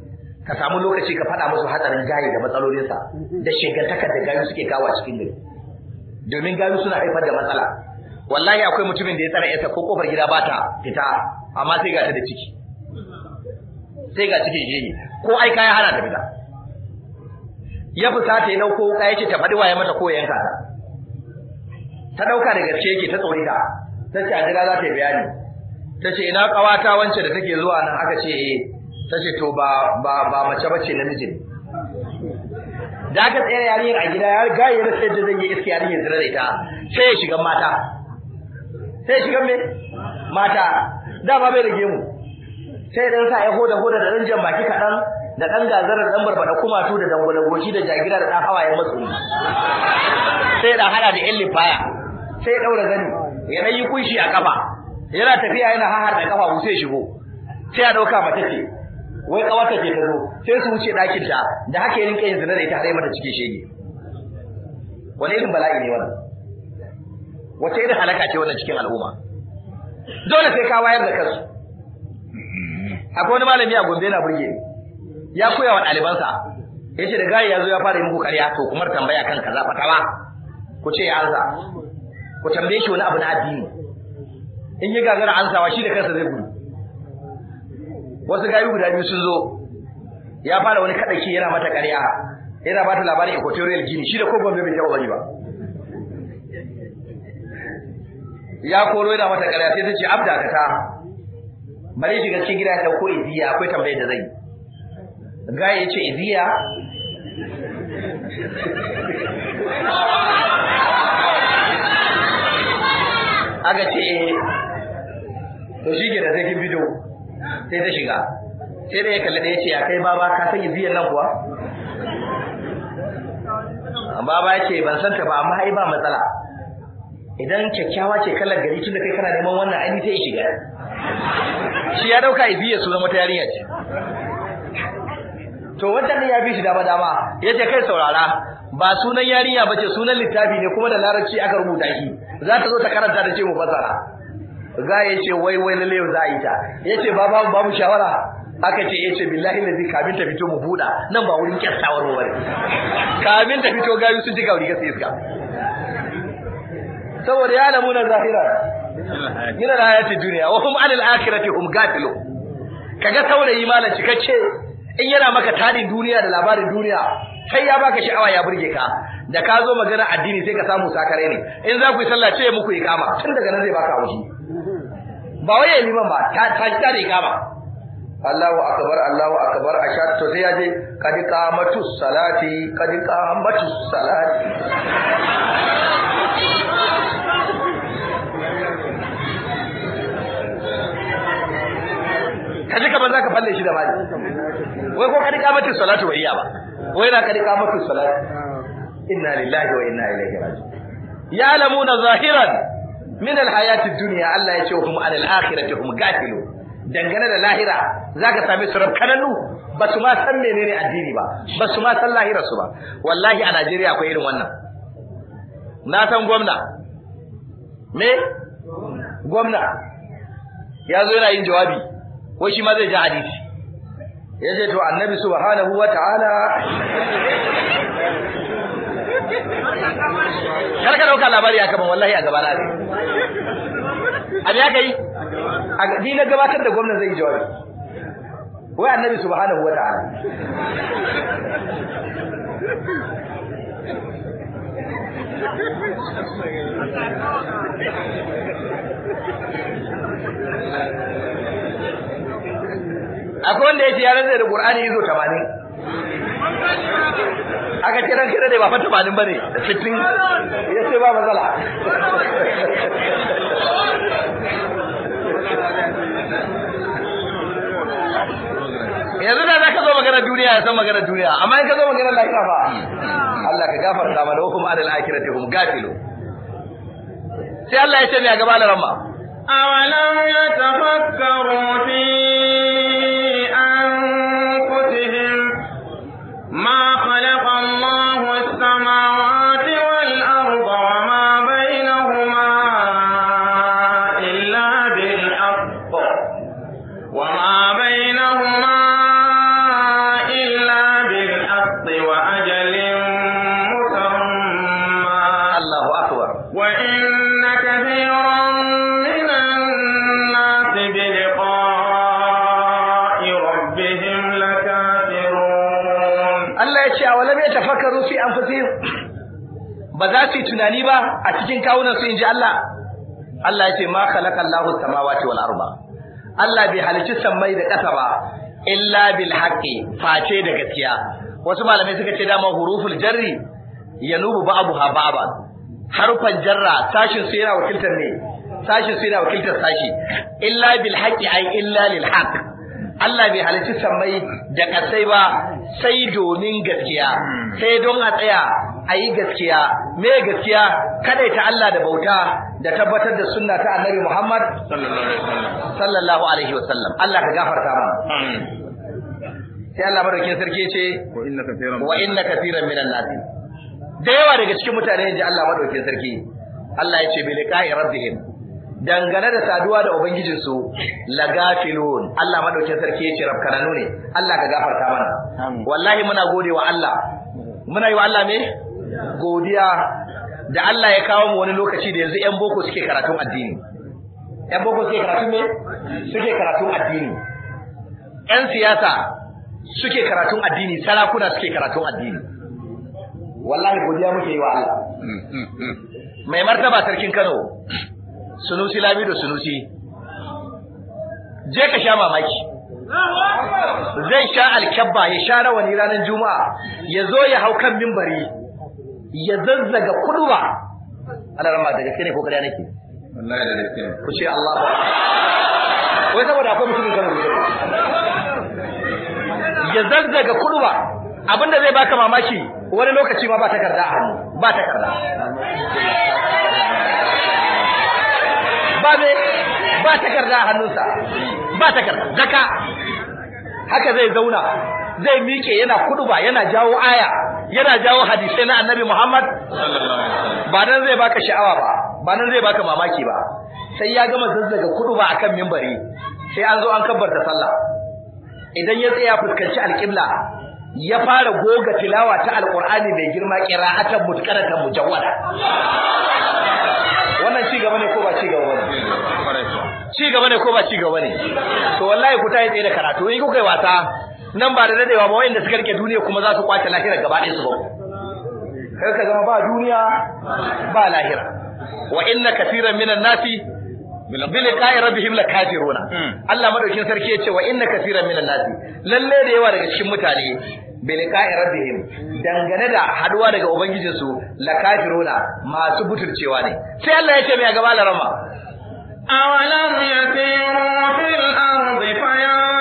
ka samu lokaci ka faɗa musu hatsarin gayi da matsalolinsa da shegantakar da gari suke kawo a cikin gari domin gari suna haifar da matsala wallahi akwai mutumin da ya tsara yasa ko kofar gida bata fita amma sai ga ta da ciki sai ga ke jini ko ai kaya hana ta fita ya fita ta yi dauko kaya ce ta faɗi waye mata ko yanka ta ta dauka da gaske yake ta tsorita ta ce a jira za ta yi bayani Ta ce ina kawata wance da take zuwa nan aka ce eh ce to ba ba ba mace bace namiji da aka tsaya yarinyar a gida ya ga ya sai yadda zai yi iska yarinyar zira da ita sai ya shiga mata sai ya shiga me mata ba bai rage mu sai dan sa ya hoda hoda da dan jan baki kadan da dan gazarar dan barbada kumatu da dangwala goshi da jagira da dan hawaye matsuni sai da hada da ellifaya sai ya daura gani ya dan yi kunshi a kafa yana tafiya yana hahar da kafa sai shigo sai ya dauka mata ce wai kawarta ce tazo sai su wuce dakin ta da haka yin kai zina da ita dai mata cike shege wani irin bala'i ne wannan wace irin halaka ce wannan cikin al'umma dole sai ka wayar da kansu akwai wani malami a Gombe na burge ya koya wa ɗalibansa yace da gari ya zo ya fara yi muku ƙarya to kuma tambaya kan kaza tawa ku ce ya ansa ku tambaye shi wani abu na addini in yi gagara ansawa shi da kansa zai gudu wasu gayu guda biyu sun zo ya fara wani kadaki yana mata ƙarya yana ba ta labarin equatorial gini shi da kogon bai taɓa bari ba ya koro yana mata ƙarya sai ta ce abda ka ta bari shiga cikin gida ya dauko idiya akwai tambayar da zai gaya ya ce idiya aga ce eh to shi ke da sai kin fito sai ta shiga sai da ya kalli da ya ce ya kai baba ka san iziyar nan kuwa baba ya ce ban san ta ba amma ai ba matsala idan kyakkyawa ce kalar gari tun da kai kana neman wannan aini sai shiga shi ya dauka iziyar su zama ta yarinya ce to ne ya fi shi dama dama ce kai saurara ba sunan yarinya bace sunan littafi ne kuma da larabci aka rubuta shi za ta zo ta karanta da ce mu fasara ga yace wai wai lalle yau za a yi ta yace ba babu babu shawara aka ce yace billahi zai kamin ta fito mu buda nan ba wurin kyastawar mu bane kamin ta fito gari sun ji gauri ga sai saboda ya lamu na zahira min da hayati duniya wa hum anil akhirati hum gafilun kaga saurayi malan cikacce in yana maka tadin duniya da labarin duniya sai ya baka sha'awa ya burge ka da ka zo magana addini sai ka samu sakare ne in za ku yi sallah ce muku ikama tun daga nan zai baka wuce ba wai yayi liman ba ta ta ta riga ba Allahu akbar Allahu akbar ashar to sai yaje kad qamatu salati kad qamatu salati kaje ka banza ka falle shi da bani wai ko kad qamatu salati wa iya ba wai na kad qamatu salati ah. inna lillahi wa inna ilaihi raji'un ya'lamuna zahiran min hayatin dunya Allah ya ce hum anil akhirati hum gafilu dangane da lahira zaka sami su rabkananu ba su ma san menene addini ba ba su ma san lahira su ba wallahi a Najeriya akwai irin wannan na san gwamna me gwamna ya zo yana yin jawabi wai shi ma zai ji hadisi ya ce to annabi subhanahu wa ta'ala kar ka dauka labari aka ban wallahi a gaba na abi aka yi a gadi na gabatar da gwamnan zai jawabi wai annabi subhanahu wa ta'ala akwai wanda ya ce ya rantsa da qur'ani izo tamanin. aka ce kira dai ba fata malin bane fitin ya ce ba matsala yanzu da ka zo magana duniya ya san magana duniya amma in ka zo magana lahira fa Allah ka gafarta mana wa hum anil akhirati hum gafilu sai Allah ya ce me a gaba da ramma awalam yatafakkaru fi za su yi tunani ba a cikin kawunan su inji Allah Allah ya ce ma khalaqa Allahu samawati wal arba. Allah bai halicci sammai da ƙasa ba illa bil haqqi face da gaskiya wasu malamai suka ce dama huruful jarri yanubu ba'daha ba'dan harfan jarra sashin su yana wakiltar ne sashin su yana wakiltar sashi illa bil haqqi ay illa lil haqq Allah bai halicci sammai da ƙasai ba sai domin gaskiya sai don a tsaya ayi gaskiya me gaskiya kadaita Allah da bauta da tabbatar da sunna ta Annabi Muhammad sallallahu alaihi wasallam Allah ka gafarta mana sai Allah madaukakin sarki ce wa inna kathiran minan nas da yawa daga cikin mutane ji Allah madaukakin sarki Allah ya ce bi liqa'i rabbihim dangane da saduwa da la gafilun Allah madaukakin sarki ya ce rabkananu ne Allah ka gafarta mana wallahi muna gode wa Allah muna yi wa Allah me godiya da Allah ya kawo mu wani lokaci da yanzu ƴan boko suke karatun addini ƴan boko suke karatun me suke karatun addini ƴan siyasa suke karatun addini sarakuna suke karatun addini wallahi godiya muke yi wa Allah mai martaba sarkin Kano Sunusi Lamido Sunusi je ka sha mamaki zai sha alkabba ya sha rawani ranar juma'a ya zo ya hau kan mimbari ya zazzaga kuduba ana rama daga kene ne ko kariya nake wallahi da nake ku ce Allah wai saboda akwai mutumin kan ya zazzaga kuduba abinda zai baka mamaki wani lokaci ma ba takarda a hannu ba takarda ba me ba takarda a hannunsa ba takarda zaka haka zai zauna zai miƙe yana kuduba yana jawo aya yana jawo hadisai na annabi Muhammad ba nan zai baka sha'awa ba ba nan zai baka mamaki ba sai ya gama zazzaga kudu ba akan mimbari sai an zo an kabbarta sallah idan ya tsaya fuskanci alƙibla ya fara goga tilawa ta alƙur'ani mai girma qira'atan mutqaratan mujawwada wannan ci gaba ne ko ba ci gaba ne ci gaba ne ko ba ci gaba ne to wallahi ku ta yi tsaye da karatu in kuka yi wasa nan ba da dadewa ba wayanda suka rike duniya kuma za su kwace lahira gaba ɗaya su ba kai ka zama ba duniya ba lahira wa inna kaseeran minan nasi bil liqa'i rabbihim kafiruna hmm. Allah madaukin sarki yace wa inna kaseeran minan nasi lalle da yawa daga cikin mutane bil liqa'i rabbihim dangane da haduwa daga la kafiruna masu butulcewa ne sai Allah yace mai gaba larama awalam yasiru fil ardi fayan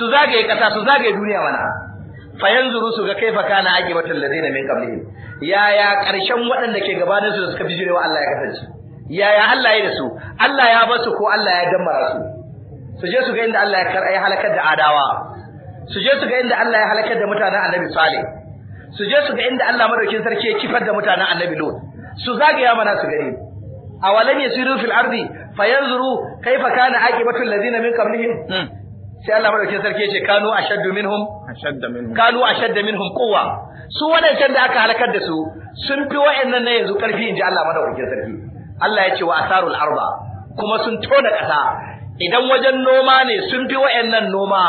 su zagaye kasa su zagaye duniya wala fa yanzuru su ga kaifa kana aqibatul ladina min qablihim yaya karshen waɗanda ke gabanin su da suka bijire wa Allah ya kasance yaya Allah ya da su Allah ya ba su ko Allah ya dammara su su je su ga inda Allah ya kar ai halakar da adawa su je su ga inda Allah ya halakar da mutanen Annabi Saleh su je su ga inda Allah madaukin sarki ya kifar da mutanen Annabi Lut su zagaya mana su gani awalam yasiru fil ardi fayanzuru kaifa kana aqibatu alladhina min qablihim hmm. sai Allah madaukakin sarki yace kanu ashaddu minhum ashaddu minhum kanu ashaddu minhum quwwa su wadannan da aka halakar da su sun fi wayannan ne yanzu karfi inji Allah madaukakin sarki Allah yace wa asarul arba kuma sun tona kasa idan wajen noma ne sun fi wayannan noma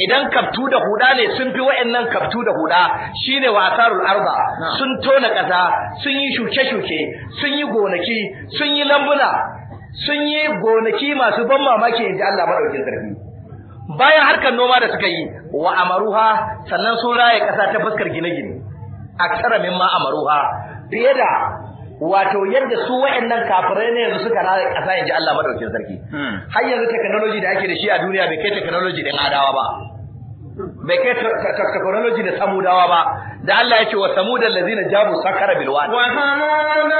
idan kaftu da huda ne sun fi wayannan kaftu da huda shine wa asarul arba sun tona kasa sun yi shuke-shuke sun yi gonaki sun yi lambuna sun yi gonaki masu ban mamaki inji Allah madaukakin sarki bayan harkar noma da suka yi wa amaruha sannan sun raye kasa ta fuskar gine-gine aksara ma amaruha fiye da wato yadda su waɗannan kafirai ne yanzu suka raye kasa inji Allah madaukakin sarki hmm. har yanzu technology da ake da shi a duniya bai kai technology din adawa ba bai kai technology da samudawa ba da Allah ya ce wa samudal ladina jabu sakara bilwan wa samudal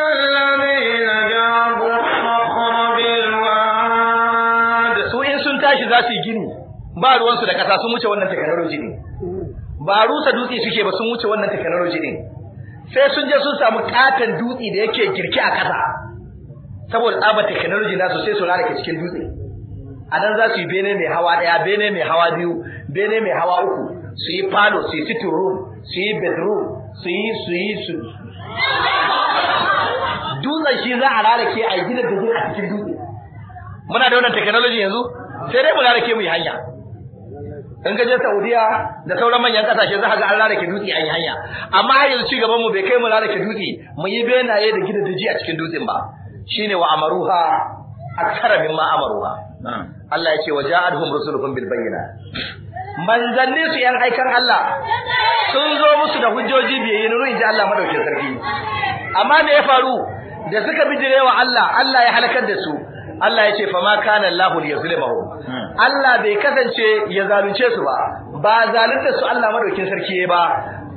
ladina jabu sakara bilwan su in sun tashi za su yi gini ba ruwansu da kasa sun wuce wannan technology ne ba rusa dutse suke ba sun wuce wannan technology ne sai sun je sun samu katon dutse da yake girki a kasa saboda tsaba technology nasu sai su lalake cikin dutse a nan za su yi bene mai hawa daya bene mai hawa biyu bene mai hawa uku su yi palo su yi sitting room su yi bedroom su yi su yi su dutsen shi za a lalake a gina dutse a cikin dutse muna da wannan technology yanzu sai dai mu lalake mu yi hanya in ka je Saudiya da sauran manyan kasashe za ka ga an rarake dutse an yi hanya amma har yanzu cigaban mu bai kai mu rarake dutse mu yi benaye da gidaje a cikin dutsen ba shine wa amaruha akthara mimma amaruha Allah ya ce waja'adhum rusulukum bil bayyinat manzanni su yan aikar Allah sun zo musu da hujjoji biye nuru inji Allah madaukakin sarki amma me ya faru da suka bijirewa Allah Allah ya halakar da su Allah ya ce fa ma kana Allah hmm. Allah bai kasance ya zalunce su ba ba zalunta su Allah madaukin sarki ba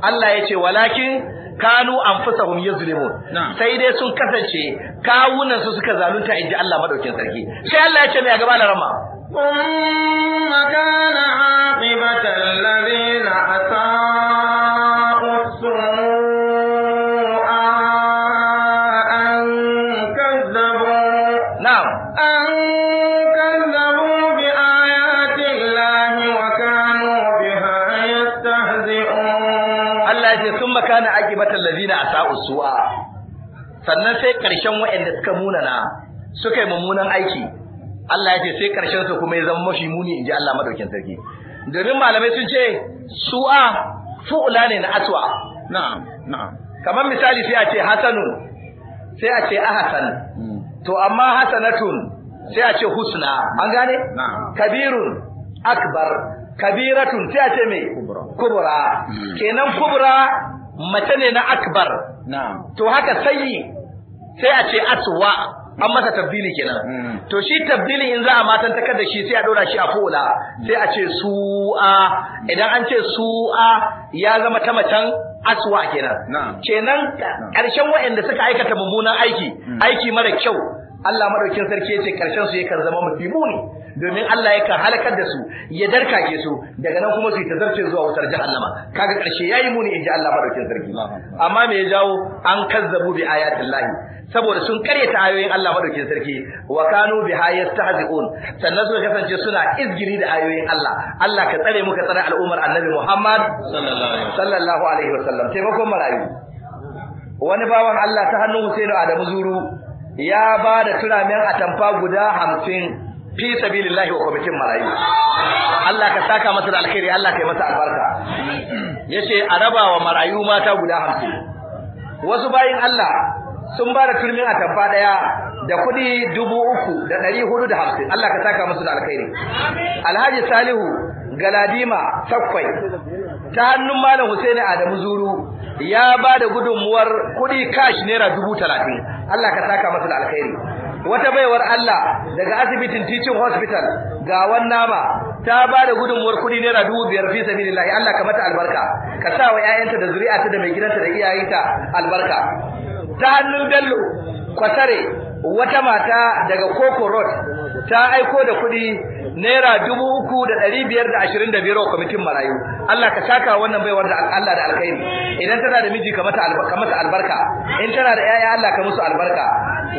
Allah ya ce walakin kanu anfusahum yazlimun sai dai sun kasance kawunan su suka zalunta inji Allah madaukin sarki sai Allah ya ce mai gaba da rama sannan sai ƙarshen waɗanda suka munana suka yi mummunan aiki Allah ya ce sai ƙarshen su kuma ya zama mafi muni in ji Allah madaukin sarki domin malamai sun ce su'a fu'la ne na aswa na'am na'am kamar misali sai a ce Hassanu, sai a ce ahasan hmm. to amma hasanatun sai a ce husna an gane kabirun akbar kabiratun sai a ce me kubra hmm. kenan kubra mace ne na akbar to haka sayyi sai a ce aswa an masa tabdili kenan hmm. to shi tabdilin in za a matan ta da shi sai a dora shi a fola sai a ce su'a idan an ce su'a ya zama ta macen aswa kenan kenan karshen waɗanda suka aikata mummunan aiki hmm. aiki mara kyau Allah madaukin sarki yace karshen su yakan zama mafi muni domin Allah yakan halakar da su ya darka ke su daga nan kuma su ta zarce zuwa wutar jahannama kaga karshe yi muni in inji Allah madaukin sarki amma me ya jawo an kazzabu bi lahi saboda sun karyata ayoyin Allah madaukin sarki wa kanu biha yastahzi'un sannan suka kasance suna izgiri da ayoyin Allah Allah ka tsare muka ka tsare al'ummar Annabi Muhammad sallallahu alaihi wasallam taimakon marayu wani bawan Allah ta hannu Husainu Adamu Zuru ya ba da turamen atamfa guda hamsin fi sabilillahi wa kwamitin marayu Allah ka saka masa da alkhairi Allah ka yi masa albarka yace a raba wa marayu mata guda 50 wasu bayin Allah sun ba da turmin atamfa daya da kudi 3450 Allah ka saka masa da alkhairi Alhaji Salihu Galadima takwai ta hannun Malam Husaini Adamu Zuru ya ba da gudunmuwar kudi kashi naira talatin. Allah ka saka masa da alkhairi wata baiwar Allah daga asibitin teaching hospital ga wannan ba ta ba da gudunmuwar kuɗi naira dubu biyar fi sabilillahi Allah ka mata albarka ka sa wa 'ya'yanta da zuri'arta da mai gidanta da iyayenta albarka ta hannun bello kwatare wata mata daga Koko Road ta aiko da kuɗi naira dubu uku da ɗari biyar da ashirin da biyar kwamitin marayu Allah ka saka wannan baiwar da Allah da alkhairi idan tana da miji ka mata albarka in tana da 'ya'ya Allah ka musu albarka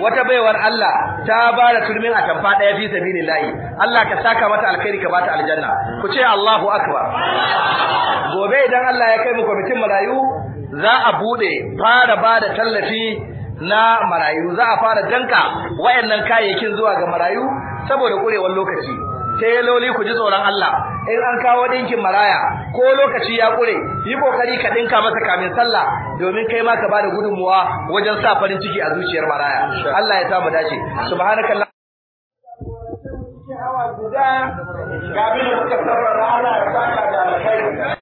wata baiwar Allah ta ba da turmin a tamfa ɗaya fi sabilillahi Allah ka saka mata alkhairi ka bata aljanna ku ce Allahu akbar gobe idan Allah ya kai mu kwamitin marayu za a bude fara ba da tallafi na marayu za a fara danka wayannan kayayyakin zuwa ga marayu saboda kurewar lokaci lauli ku ji tsoron Allah in an kawo dinkin maraya ko lokaci ya kure yi kokari ka dinka masa kamin sallah domin kai ma ka bada gudunmuwa wajen sa farin ciki a zuciyar maraya Allah ya sa mu dace subhanakallah ga da suka Allah ya saka da alkhairi